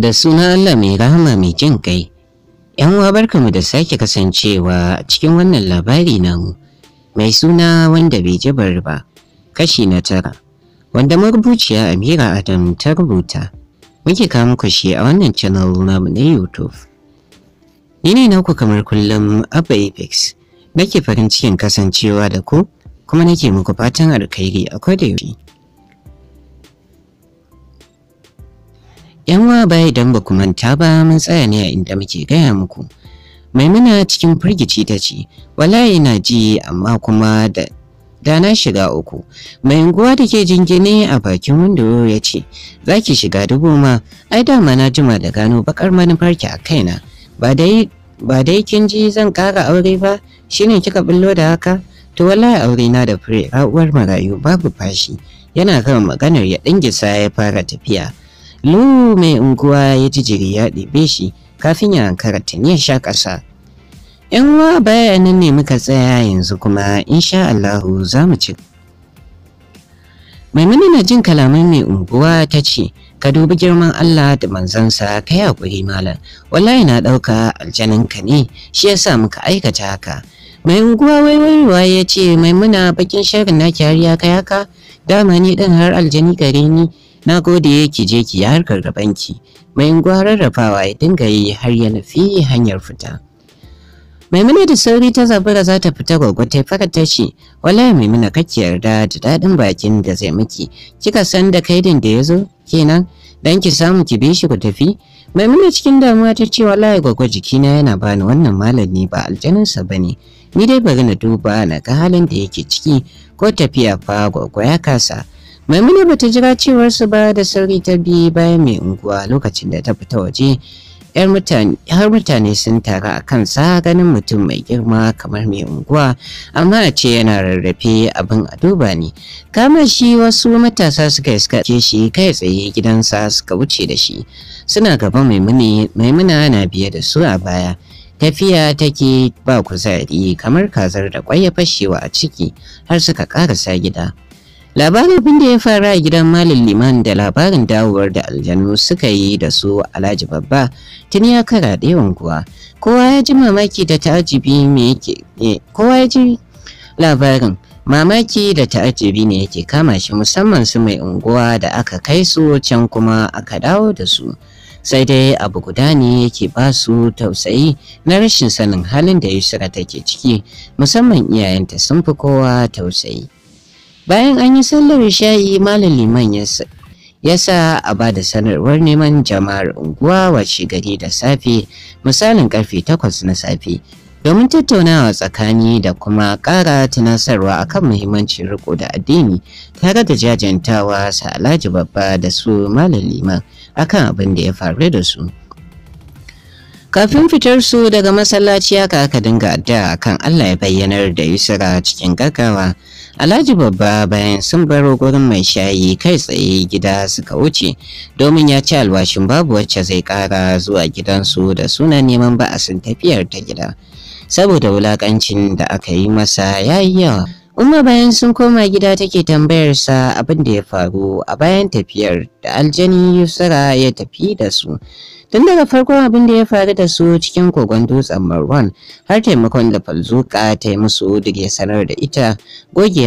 da suna Allah mai rahama mai jin kai. ‘Yan uwa barkamu da sake kasancewa cikin wannan labari na mu, mai suna wanda bai ji jibar ba, kashi na tara, wanda marubuciya Amira Adam ta rubuta. Muke kawo muku shi a wannan channel namu na YouTube. Ni ne naku kamar kullum Abba Apex, nake farin cikin kasancewa da ku kuma nake muku fatan alkhairi a kodayaushe. Yanwa baya dan ba manta ba mun tsaya ne a inda muke gaya muku. Maimuna cikin firgici ta ce, wallahi ina ji amma kuma da dana na shiga uku. Mai unguwa da ke jingine a bakin windo ya ce, za ki shiga dubu ma, ai dama na jima da gano bakar manufarki a kaina. Ba dai ba dai kin ji zan ƙara aure ba, shine kika bullo da haka? To wallahi aure na da fure, ra'uwar marayu babu fashi. Yana kan maganar ya dingisa ya fara tafiya. Lu mai unguwa ya ji jiri ya ɗebe shi kafin ya ankara ya sha ƙasa. ‘Yan uwa baya nan ne muka tsaya yanzu kuma insha Allahu za mu ci. Maimuna na jin kalaman mai unguwa ta ce, Ka dubi girman Allah da manzansa ka yi haƙuri malam, wallahi na ɗauka aljaninka ne, shi ya sa muka aikata haka. Mai unguwa waiwaiwa ya ce, Maimuna bakin sharin na kyariya ka yaka, dama ni ɗin har aljani gare ni, na gode ki je ki yi harkar gabanki mai unguwa rarrafawa ya dinga yi har ya nufi hanyar fita maimuna da sauri ta zabura za ta fita yi farar ta Wala wallahi maimuna kake yarda da daɗin bakin da zai miki kika san da kaidin da ya zo kenan dan ki samu ki bi shi ku tafi maimuna cikin damuwa ta ce wallahi gwagwa jikina yana bani wannan malami ba aljaninsa ne. ni dai bari na duba na ga halin da yake ciki ko tafiya fa gwagwa ya kasa maimuna bata jira cewar su ba da sauri ta bi bayan mai unguwa lokacin da ta fita waje har mutane sun taru a kansa ganin mutum mai girma kamar mai unguwa amma a ce yana rarrafe abin a duba ne kama shi wasu matasa suka iska ke shi kai tsaye gidansa suka wuce da shi suna gaban maimuna na biye da su a baya tafiya take ba kuzari kamar kazar da kwai ya fashewa a ciki har suka sa gida labarin abin da ya fara a gidan Malam liman da labarin dawowar da aljanu suka yi da su alhaji babba tun ya kara yawan kuwa kowa ya ji mamaki da ta'ajibi me yake eh, kowa ya ji labarin mamaki da ta'ajibi ne yake kama shi musamman su mai unguwa da aka kai su can kuma aka dawo da su sai dai abu guda ne yake ba su tausayi na rashin sanin halin da yusra take ciki musamman iyayenta sun fi kowa tausayi bayan an yi sallar sha'i malam liman ya sa a ba da sanarwar neman jama'ar unguwa wa gari da safe misalin karfe takwas na safe domin tattaunawa tsakani da kuma ƙara tunasarwa akan muhimmancin riko da addini tare da jajantawa sa alhaji babba da su malam liman akan abin da ya faru da su. kafin fitar su daga masallaci aka aka dinga addu'a kan Allah ya bayyanar da Yusra cikin gaggawa Alhaji babba bayan sun baro gurin mai shayi kai tsaye gida suka wuce domin ya ci alwashin babu wacce zai kara zuwa gidansu da sunan neman ba'asin tafiyar ta gida saboda wulakancin da aka yi masa yayi yawa Umma bayan sun koma gida take tambayar sa abin da ya faru a bayan tafiyar da aljani Yusra ya tafi da su. Tun daga farkon abin da ya faru da su cikin kogon dutsen Marwan har taimakon da Falzuka ta yi musu duk sanar da ita goge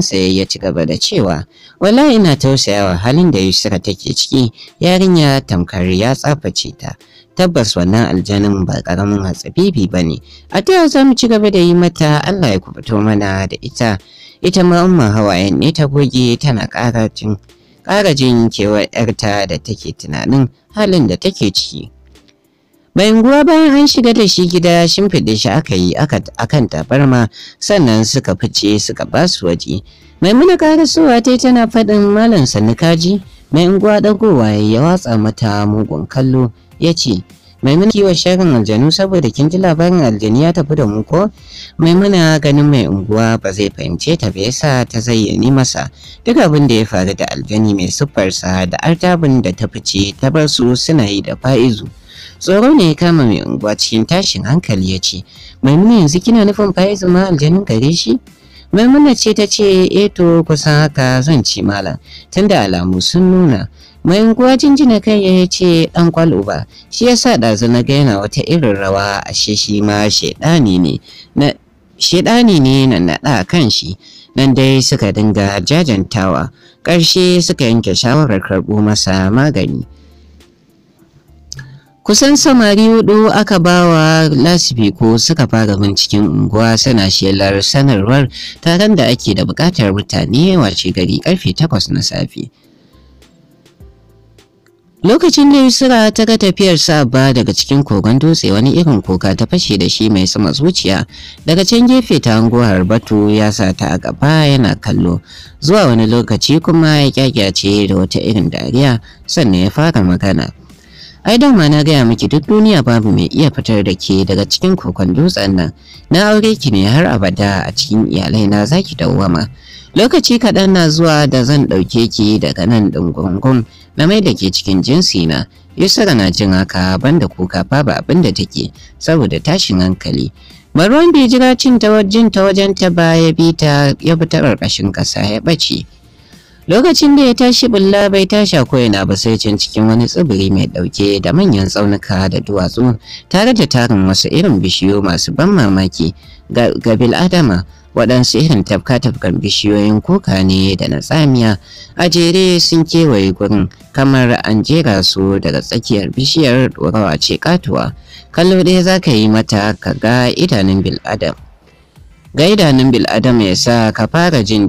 sai ya ci gaba da cewa wallahi ina tausayawa halin da Yusra take ciki yarinya tamkar ya tsaface ta. tabbas wannan aljanin ba karamin hatsabibi ba ne a ta za mu ci gaba da yi mata allah ya kubuto mana da ita ita ma umma hawayen ne ta goge tana ƙara ƙara jin kewar 'yarta da take tunanin halin da take ciki. Bayan guwa bayan an shiga da shi gida shimfida shi aka yi akan tabarma sannan suka fice suka ba su waje. Maimuna karasowa ta tana faɗin malam sannu kaji, mai unguwa ɗagowa ya watsa mata mugun kallo ya ce, maimuna kiwon shagon aljanu saboda kin ji labarin aljani ya tafi da mu ko maimuna ganin mai unguwa ba zai fahimce ta ba yasa ta zayyani masa duk abin da ya faru da aljani mai sa da artabin da ta fice ta bar su suna yi da fa'izu tsoro ne ya kama mai unguwa cikin tashin hankali ya ce maimuna yanzu kina nufin fa'izu ma aljanun gare shi maimuna ce ta ce eto eh kusan haka zan ci malam tunda alamu sun nuna mai unguwa jinjina kai ya ce dan kwalo ba shi yasa ɗazu na ga yana wata irin rawa ashe shi ma shaidani ne na naɗa ne kan shi nan dai suka dinga jajantawa ƙarshe suka yanke shawarar karɓo masa magani kusan samari hudu aka ba bawa ko suka fara binciken unguwa suna shelar sanarwar taron da ake da bukatar mutane wace gari karfe 8 na safe Lokacin da Yusra ta ga tafiyar Sabba daga cikin kogon dutse wani irin kuka ta fashe da shi mai sama zuciya daga can gefe ta hango Harbatu ya sa ta a gaba yana kallo zuwa wani lokaci kuma ya kyakyace da wata irin dariya sannan ya fara magana. Ai ma na gaya miki duk duniya babu mai iya fitar da ke daga cikin kokon dutsen nan. Na aure ki ne har abada a cikin iyalai na zaki dawwama. Lokaci kaɗan na zuwa da zan ɗauke ki daga nan ɗin gungun na mai da ke cikin jinsi na Yusra na jin haka banda kuka babu abin da take saboda tashin hankali. Marwan bai jira cin ta wajen ta wajen ta ya bi ta ya ƙarƙashin ƙasa ya ɓace. Lokacin da ya tashi bulla bai tashi ko yana ba sai can cikin wani tsibiri mai ɗauke da manyan tsaunuka da duwatsu tare da tarin wasu irin bishiyu masu ban mamaki ga, ga bil'adama waɗansu irin tafka-tafkan bishiyoyin kuka ne da na tsamiya a jere sun kewaye gurin kamar an jera su daga tsakiyar bishiyar ɗorawa ce katuwa kallo ɗaya za ka yi mata ka ga idanun bil'adam ga idanun bil'adam ya sa ka fara jin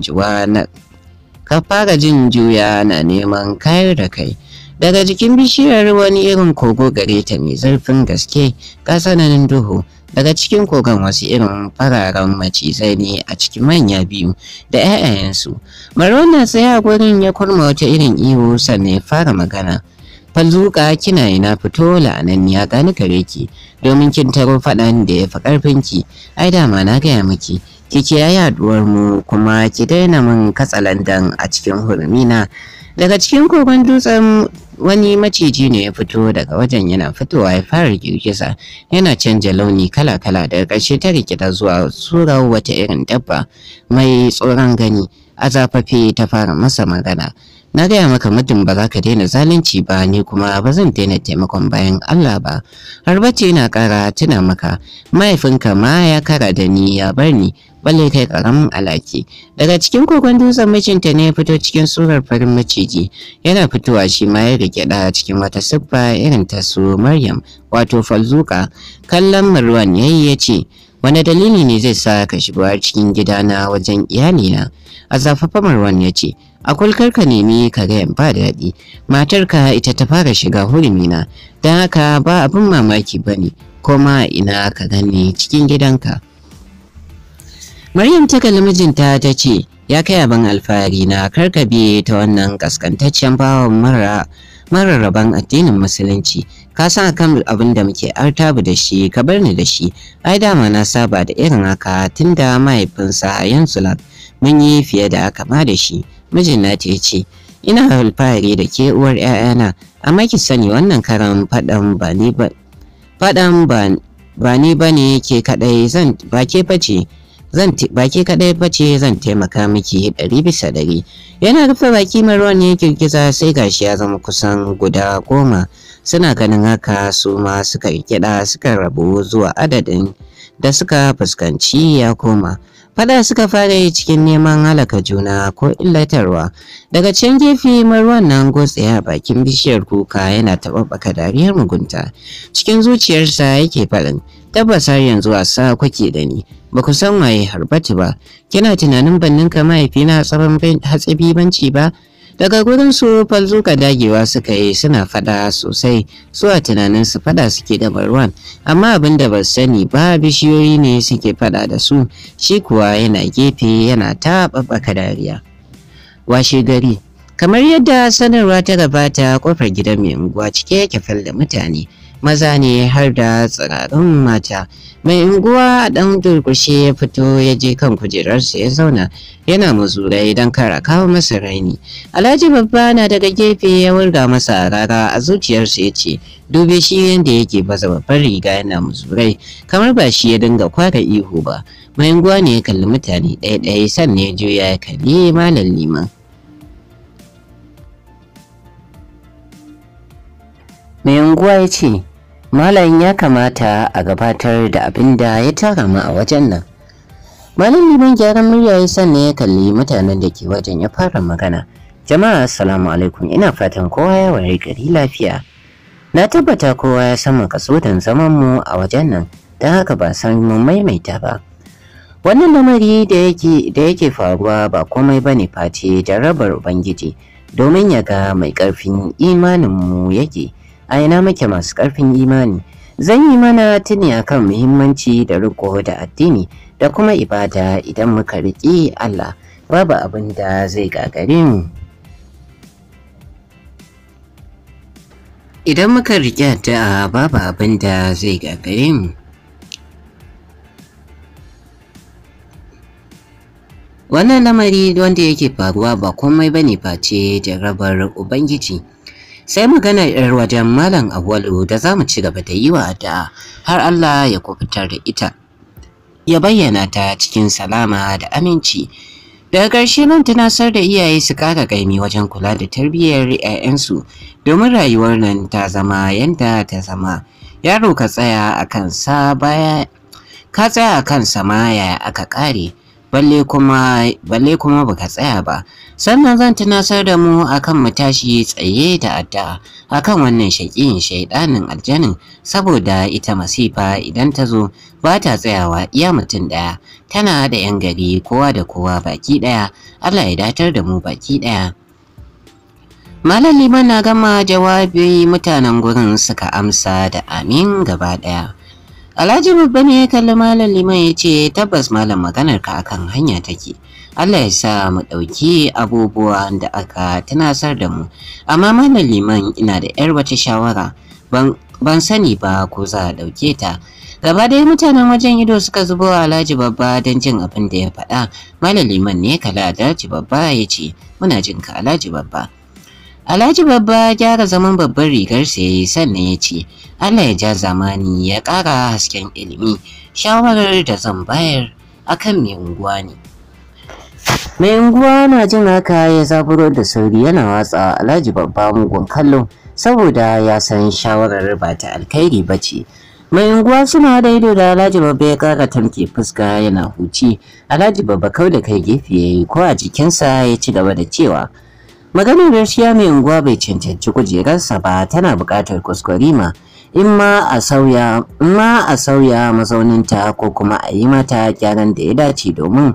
na juya na neman kayar da kai daga jikin bishiyar wani irin kogo gare ta mai zurfin gaske ka sananin duhu daga cikin kogon wasu irin fararen macizai ne a cikin manya biyu da 'ya'yayensu marwan na sai gurin ya kurma wata irin ihu sannan ya fara magana falzuka kina ina fito ya gani kare ki domin kin taro faɗan da ya fi ki. ai dama na gaya miki ki kiyaye yaduwar mu kuma ki daina min katsalandan a cikin hurmina daga cikin kogon dutsen wani maciji ne ya fito daga wajen yana fitowa ya fara girgiza yana canja launi kala-kala daga ƙarshe ta rikita zuwa tsura wata irin dabba mai tsoron gani a zafafe ta fara masa magana na gaya maka mutum ba za ka daina zalunci ba ni kuma ba zan daina taimakon bayan Allah ba har bacci na ƙara tuna maka mahaifinka ma ya kara da ni ya bar ni balle kai karamin alaki daga cikin kogon dutsen mijinta ne ya fito cikin surar farin maciji yana fitowa shi ma ya rike da cikin wata siffa irin ta su maryam wato falzuka kallon marwan yayi ya ce wani dalili ne zai sa ka shigo cikin gidana wajen iyalina a zafafa marwan ya ce a kulkar ka nemi ka ga ba daɗi ka ita ta fara shiga hurumi na. don haka ba abin mamaki bane koma ina ka gani cikin gidanka Maryam ta kalli mijinta ta ce, ya kai abin alfahari na karkabe ta wannan kaskantaccen bawan mara marar rabon addinin musulunci ka san kan abin da muke artabu da shi ka bar ni da shi ai dama na saba da irin haka tunda mahaifinsa yansulat mun yi fiye da kama da shi mijin na ta ce ina alfahari da ke uwar 'ya'yana amma ki sani wannan karan faɗan ba ni ba faɗan ba ba ni ke kadai zan ba ke bace zan baki kadai bace zan taimaka miki ɗari bisa ɗari yana rufe baki mai ruwan ya girgiza sai gashi ya zama kusan guda goma suna ganin haka su ma suka kiɗa suka rabu zuwa adadin da suka fuskanci ya koma Fada suka fara yi cikin neman halaka juna ko illatarwa. Daga can gefe marwan nan gotsaya bakin bishiyar kuka yana taɓaɓɓaka dariyar mugunta. Cikin zuciyarsa yake faɗin, tabbas har yanzu a sa kwake da ni, ba ku san waye harbatu ba, kina tunanin ban ninka mahaifina bibanci ba, daga gurin su falzuka dagewa suka yi suna fada sosai su a tunanin su fada suke da marwan amma abin da ba sani ba bishiyoyi ne suke fada da su shi kuwa yana gefe yana ta babbaka dariya washe gari kamar yadda sanarwa ta gabata kofar gidan mai unguwa cike yake fal da mutane maza ne har da tsirarun mata mai unguwa a dan durkushe ya fito ya je kan kujerarsa ya zauna yana muzurai don kara kawo masa raini alhaji babba na daga gefe ya wurga masa rara a zuciyarsa ya ce dube shi yadda yake baza babban riga yana muzurai kamar ba shi ya dinga kwara ihu ba mai unguwa ne ya kalli mutane ɗaya ɗaya sannan ya juya ya kalli malam liman mai unguwa ya ce malam ya kamata a gabatar da abin da ya tara mu a wajen nan malam liman gyaran murya ya ne ya kalli mutanen da ke wajen ya fara magana jama'a assalamu alaikum ina fatan kowa ya ware gari lafiya na tabbata kowa ya san makasudan zaman mu a wajen nan ta haka ba san mu maimaita ba wannan lamari da yake faruwa ba komai bane face rabar ubangiji domin ya ga mai ƙarfin imaninmu yake a ina muke masu ƙarfin imani zan yi mana tuni akan muhimmanci da riko da addini da kuma ibada idan muka riƙi Allah babu abin da zai gagare mu idan muka riƙe ta babu abin da zai gagare mu wannan lamari wanda yake faruwa ba komai bane face jarabar ubangiji sai maganar yar wajen malam Awalu da zamu ci gaba da yi wa addu'a har Allah ya kubutar da ita ya bayyana ta cikin salama da aminci daga ƙarshe nan tunasar da iyaye su kara gaimi wajen kula da tarbiyyar 'ya'yansu domin rayuwar nan ta zama yanda ta zama yaro ka tsaya a kansa baya ka tsaya a kansa ma yaya aka ƙare balle kuma balle kuma baka tsaya ba sannan zan tunasar da mu akan mu tashi tsaye da addu'a akan wannan shaƙin shaidanin aljanin saboda ita masifa idan ta zo ba ta tsayawa iya mutum ɗaya tana da 'yan gari kowa da kowa baki ɗaya Allah ya datar da mu baki ɗaya. Malam Liman na gama jawabi mutanen gurin suka amsa da amin gaba ɗaya. Alhaji babba ne ya kalli malam liman ya ce tabbas malam maganar ka akan hanya take. Allah ya sa mu ɗauki abubuwan da aka tunasar da mu. Amma malam liman ina da ƴar wata shawara ban sani ba ko za a ɗauke ta. Gaba dai mutanen wajen ido suka zubo a Alhaji babba don jin abin da ya faɗa. Malam liman ne kala Alhaji babba ya ce muna jin ka Alhaji babba. Alhaji babba gyara zaman babban rigar sa yayi sannan ya ce Allah ya ja zamani ya ƙara hasken ilimi shawarar da zan bayar akan mai unguwa ne. Mai unguwa na jin haka ya zaburo da sauri yana watsa Alhaji babba mugun kallo saboda ya san shawarar ba ta alkhairi ba ce. Mai unguwa suna da ido da Alhaji babba ya ƙara tamke fuska yana huci. Alhaji babba kau da kai gefe ya ko a jikinsa ya ci gaba da cewa maganar gaskiya mai unguwa bai cancanci kujerarsa ba tana buƙatar kuskurima in ma a sauya in ma a sauya mazauninta ko kuma a yi mata gyaran da ya dace domin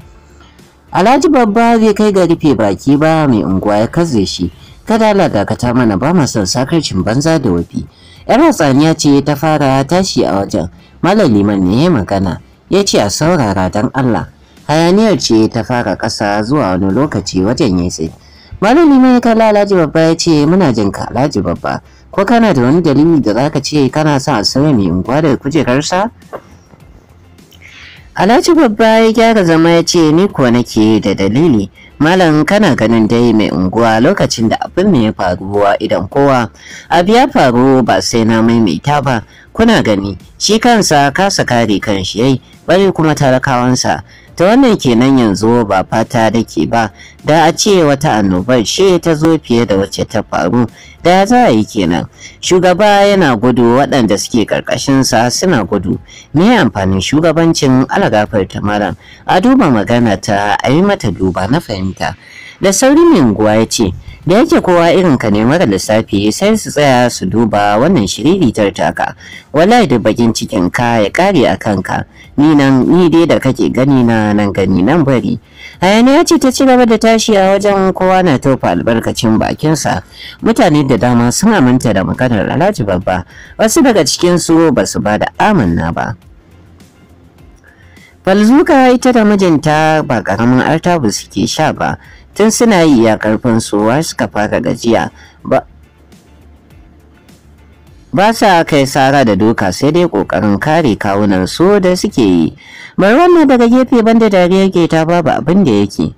alhaji babba zai kai ga rufe baki ba mai unguwa ya kaze shi kada ala dakata mana ba ma son sakarcin banza da wafi yar hatsaniya ce ta fara tashi a wajen malam liman ne ya magana ya ce a saurara don allah hayaniyar ce ta fara ƙasa zuwa wani lokaci wajen ya tsaye Malami Liman ya kalla Alhaji Babba ya ce muna jin ka Alhaji Babba ko kana da wani dalili da za ka ce kana sa a sauya mai unguwa daga kujerarsa? Alhaji Babba ya gyara zama ya ce ni kuwa nake da dalili Malam kana ganin dai mai unguwa lokacin da abin mai ya faru wa idan kowa abu ya faru ba sai na maimaita ba kuna gani shi kansa kasa kare shi yai, bari kuma talakawansa ta wannan kenan yanzu ba fata da ke ba da a ce wata annobar she ta zo fiye da wacce ta faru da za a yi kenan shugaba yana gudu waɗanda suke ƙarƙashinsa suna gudu me amfanin shugabancin alagafar tamara a duba magana ta a yi mata duba na fahimta da sauri mai unguwa ya ce da yake kowa irin ka ne mara lissafi sai su tsaya su duba wannan shiriritar taka wallahi da bakin cikin ka ya kare a kanka ni nan ni dai da kake gani na nan gani nan bari hayaniya ce ta ci gaba da tashi a wajen kowa na tofa albarkacin bakinsa mutane da dama sun aminta da maganar alhaji babba wasu daga cikinsu ba su ba da amanna ba falzuka ita da mijinta ba karamin artabu suke sha ba tun suna yi iya karfin su suka fara gajiya ba ba sa kai sara da doka sai dai kokarin kare kawunan su da suke yi marwan na daga gefe banda dariyar ke ta babu abin da yake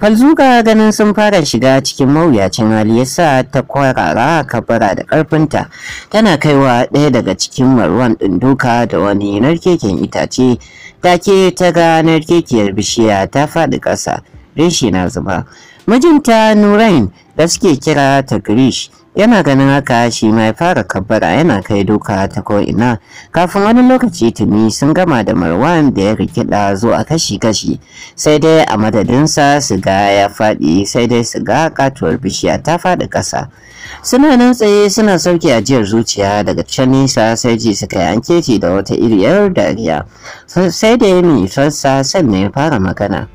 falzuka ganin sun fara shiga cikin mawuyacin hali yasa ta kwarara kabara da karfinta tana kaiwa ɗaya daga cikin marwan ɗin doka da wani narkeken itace take ta ga narkekiyar bishiya ta faɗi ƙasa reshe na zuba mijinta nurain da suke kira ta grish yana ganin haka shi ma ya fara kabbara yana kai duka ta ko'ina kafin wani lokaci tuni sun gama da marwan da ya rikida zuwa kashi-kashi sai dai a madadinsa ga ya faɗi sai dai siga katuwar bishiya ta faɗi ƙasa suna nan tsaye suna sauke ajiyar zuciya daga can nisa sai ji suka yi anketi da wata iriyar dariya sai dai mai sassa sannan ya fara magana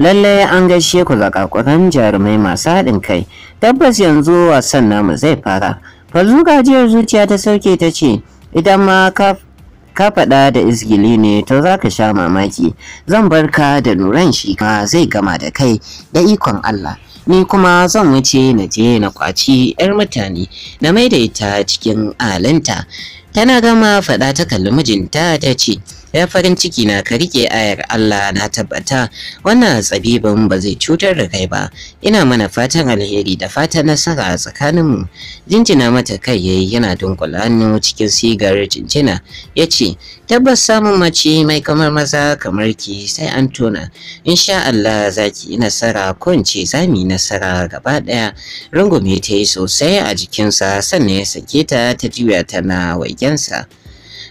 lallai an gaishe ku zakakuran jarumai masu haɗin kai tabbas yanzu wasan namu zai fara fazu gajiyar zuciya ta sauke ta ce idan ma ka ka faɗa da izgili ne to za ka sha mamaki zan bar ka da nuran shi ka zai gama da kai da ikon Allah ni kuma zan wuce na je na kwaci 'yar mutane na maida ita cikin alinta tana gama faɗa ta kalli mijinta ta ce ya farin ciki na ka rike ayar Allah na tabbata wannan tsabibin ba zai cutar da kai ba ina mana fatan alheri da fatan nasara a tsakaninmu jinjina mata kai yayi yana dunkula hannu cikin sigar jinjina ya ce tabbas samun mace mai kamar maza kamar ki sai an tona insha Allah za ki yi nasara ko in ce za mu yi nasara gaba ɗaya rungume ta yi sosai a jikinsa sannan ya sake ta ta juya tana waigensa.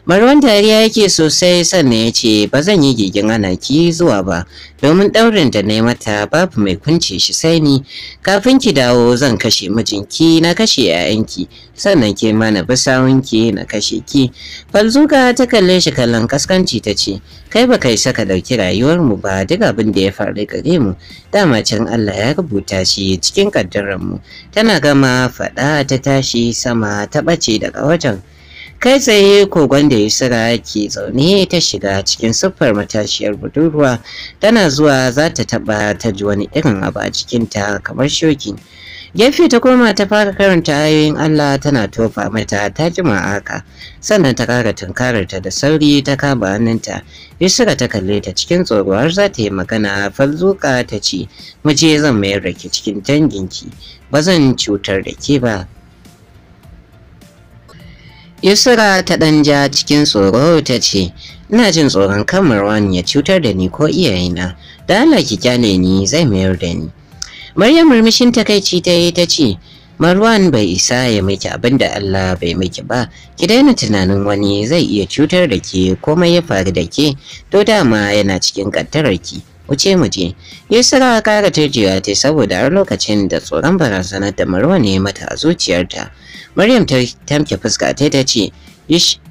Marwan dariya yake sosai sannan ya ce ba zan yi gigin ana ki zuwa ba domin ɗaurin da na yi mata babu mai kunce shi sai ni kafin ki dawo zan kashe mijinki na kashe 'ya'yanki sannan ke mana na bisawunki na kashe ki. Falzuka ta kalle shi kallon kaskanci ta ce kai ba kai saka ɗauki rayuwarmu ba duk abin da ya faru gare mu dama can Allah ya rubuta shi cikin mu Tana gama faɗa ta tashi sama ta ɓace daga wajen. kai tsaye kogon da Yusra ke zaune ta shiga cikin siffar matashiyar budurwa tana zuwa za ta taba ta ji wani irin abu a cikinta kamar shoki gefe ta koma ta fara karanta ayoyin Allah tana tofa mata ta jima haka sannan ta kara tunkarar ta da sauri ta kama hannunta Yusra ta kalle ta cikin tsoro har za ta yi magana falzuka ta ce mu je zan mayar da ke cikin danginki ba zan cutar da ke ba Yusra ta ɗan ja cikin tsoro ta ce, Ina jin tsoron kan Marwan ya cutar da ni ko iyayena, da Allah ki kyale ni zai mayar da ni. Maryam murmushin takaici ta yi ta ce, Marwan bai isa ya miki abin da Allah bai miki ba, ki daina tunanin wani zai iya cutar da ke komai ya faru da ke, to dama yana cikin ki wuce mu je yusra kara turjiya ta saboda har lokacin da tsoron barazanar da marwa ne mata a zuciyarta maryam ta tamke fuska ta ta ce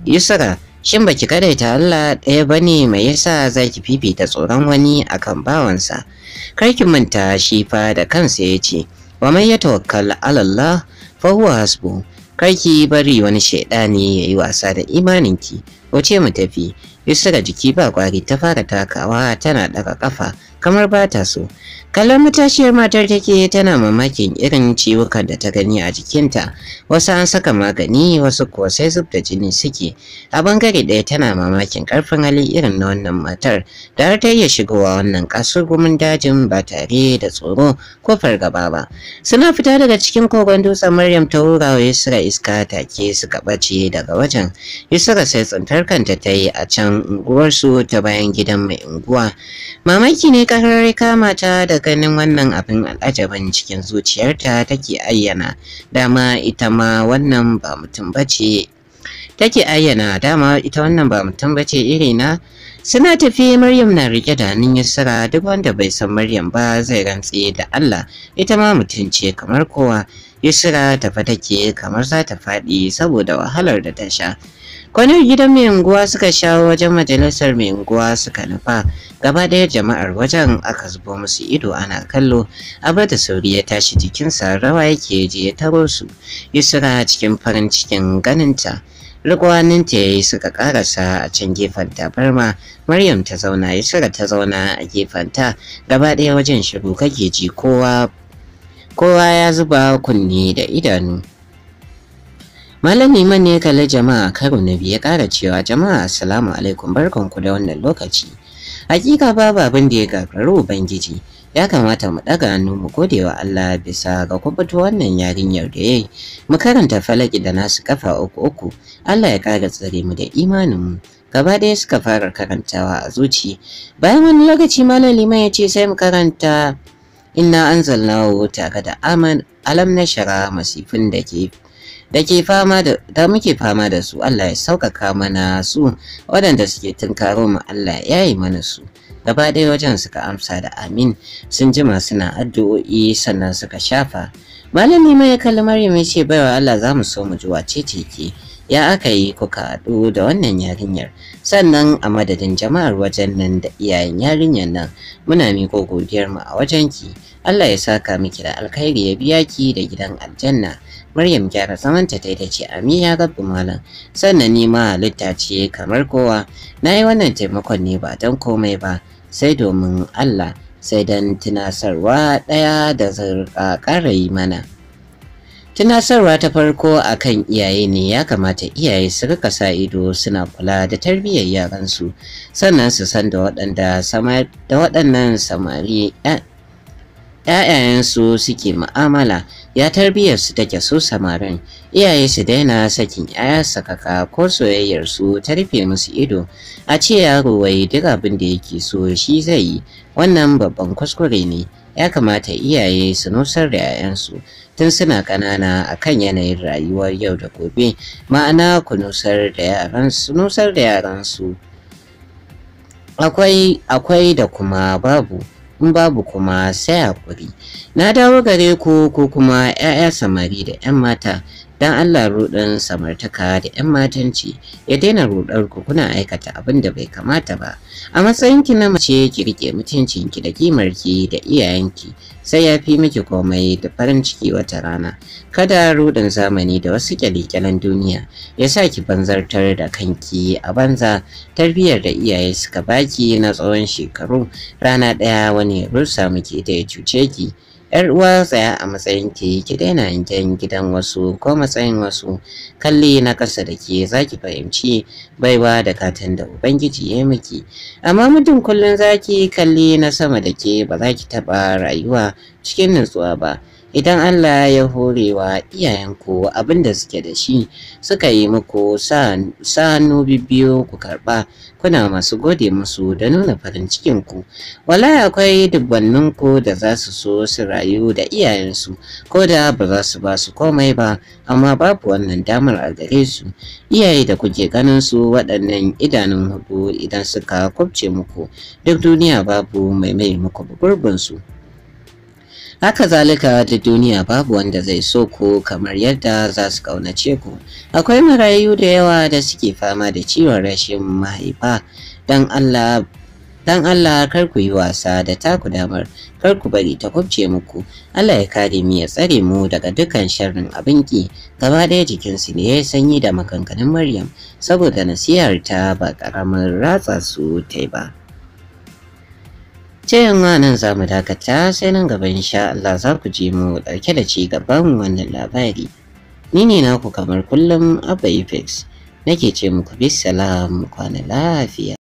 yusra shin baki ta Allah ɗaya bane mai yasa zaki fifita tsoron wani akan bawansa karkin manta shi fa da kansa yace wa man yatawakkal ala Allah fa huwa hasbu kar ki bari wani shaidani ya yi wasa da imaninki wuce mu tafi yusra jiki ba kwari ta fara takawa tana daga kafa kamar ba ta so kallon matashiyar matar take tana mamakin irin ciwukan da ta gani a jikinta wasu an saka magani wasu kuwa sai zub da jini suke a bangare ɗaya tana mamakin karfin hali irin na wannan matar da har ta iya shigowa wannan kasurgumin dajin ba tare da tsoro ko fargaba ba suna fita daga cikin kogon dutsen maryam ta wura wa yusra iska take suka ɓace daga wajen yusra sai tsintar kanta ta yi a can unguwarsu ta bayan gidan mai unguwa mamaki ne karar kama ta da ganin wannan abin al'ajaban cikin zuciyarta take ayyana dama ita ma wannan ba mutum bace take ayyana dama ita wannan ba mutum bace iri na suna tafi Maryam na rike da hannun Yusra duk wanda bai san Maryam ba zai rantse da Allah ita ma mutum ce kamar kowa Yusra tafa take kamar za ta faɗi saboda wahalar da ta sha kwanar gidan mai unguwa suka shawo wajen majalisar mai unguwa suka nufa gaba ɗaya jama'ar wajen aka zubo musu ido ana kallo abu da sauri ya tashi jikinsa rawa yake je ya taro su yusra cikin farin cikin ganinta rigwaninta ya yi suka karasa a can gefen tabarma maryam ta zauna yusra ta zauna a gefen ta, gaba ɗaya wajen shiru kake ji kowa kowa ya zuba kunni da idanu Malami man ne kalli jama'a karo na biyu ya ƙara cewa jama'a assalamu alaikum barkanku da wannan lokaci. Hakika babu abin da ya gagaru Ubangiji ya kamata mu ɗaga hannu mu gode wa Allah bisa ga kubutu wannan yarinyar da yayi mu karanta falaki da nasu kafa uku uku Allah ya ƙara tsare mu da imanin mu gaba ɗaya suka fara karantawa a zuci bayan wani lokaci malam liman ya ce sai mu karanta inna anzalnahu tare da aman alam na shara masifin da ke da ke fama da da muke fama da su Allah ya saukaka mana su waɗanda suke tunkaro mu Allah ya yi mana su gaba ɗaya wajen suka amsa da amin sun jima suna addu'o'i sannan suka shafa malami mai kalli maryam ya ce baiwa Allah za mu so mu ji wace ce ke ya aka yi kuka haɗu da wannan yarinyar sannan a madadin jama'ar wajen nan da iyayen yarinyar nan muna miko godiyar mu a wajen ki Allah ya saka miki da alkhairi ya biya ki da gidan aljanna Maryam gyara zamanta ta ce amin ya ga malam sannan ni ma halitta ce kamar kowa nayi wannan taimakon ne ba don komai ba sai domin Allah sai dan tunasarwa ɗaya da zurka ƙara mana. Tunasarwa ta farko akan iyaye ne ya kamata iyaye su rika sa ido suna kula da tarbiyyar yaransu sannan su san da waɗannan samari ‘ya'yayensu suke ma'amala ya tarbiyar su take so samarin iyaye su daina sakin yaya sakaka ko soyayyar su ta rufe musu ido a ce yaro wai duk abin da yake so shi zai yi wannan babban kuskure ne ya kamata iyaye su nusar da 'ya'yansu tun suna ƙanana akan yanayin rayuwar yau da gobe ma'ana ku nusar da yaransu nusar da su akwai akwai da kuma babu in babu kuma sai hakuri na dawo gare ku ko kuma 'ya'ya samari da 'yan mata dan Allah rudan samartaka da 'yan matanci ya daina rudar ku kuna aikata abin da bai kamata ba a matsayin ki na mace ki rike mutuncin ki da kimar ki da iyayen ki, sai ya fi miki komai da farin ciki wata rana kada rudan zamani da wasu kyalikyalan duniya ya sa ki banzartar da kanki a banza tarbiyyar da iyaye suka baki na tsawon shekaru rana ɗaya wani rusa muke da ya cuce ki yar uwa tsaya a matsayin ki ki daina yanken gidan wasu ko matsayin wasu kalli na ƙasa da ke zaki fahimci baiwa da katan da ubangiji ya miki amma mutum kullum zaki kalli na sama da ke ba za ki taɓa rayuwa cikin nutsuwa ba idan Allah ya hore wa iyayenku abin da suke da shi suka yi muku sanu bibiyo ku karɓa kuna masu gode musu da nuna farin ku wala akwai ku da za su so su rayu da iyayensu ko da ba za su ba su komai ba amma babu wannan damar a gare su iyaye da kuke ganin su waɗannan idanun hudu idan suka kwabce muku duk duniya babu mai mai muku gurbinsu. su haka zalika da duniya babu wanda zai so ku kamar yadda za su kaunace ku akwai marayu da yawa da suke fama da ciwon rashin mahaifa don allah dan Allah kar ku yi wasa da taku damar kar ku bari ta kubce muku Allah ya kare mu ya tsare mu daga dukkan sharrin abinki gaba ɗaya jikinsu ne ya sanyi da maganganun Maryam saboda nasihar ta ba karamin ratsa su ta ba Cikin nan za mu dakata sai nan gaba sha. Allah za ku je mu ɗauke da ci gaban wannan labari. Ni ne naku kamar kullum Abba ifex nake ce muku bisalam kwana lafiya.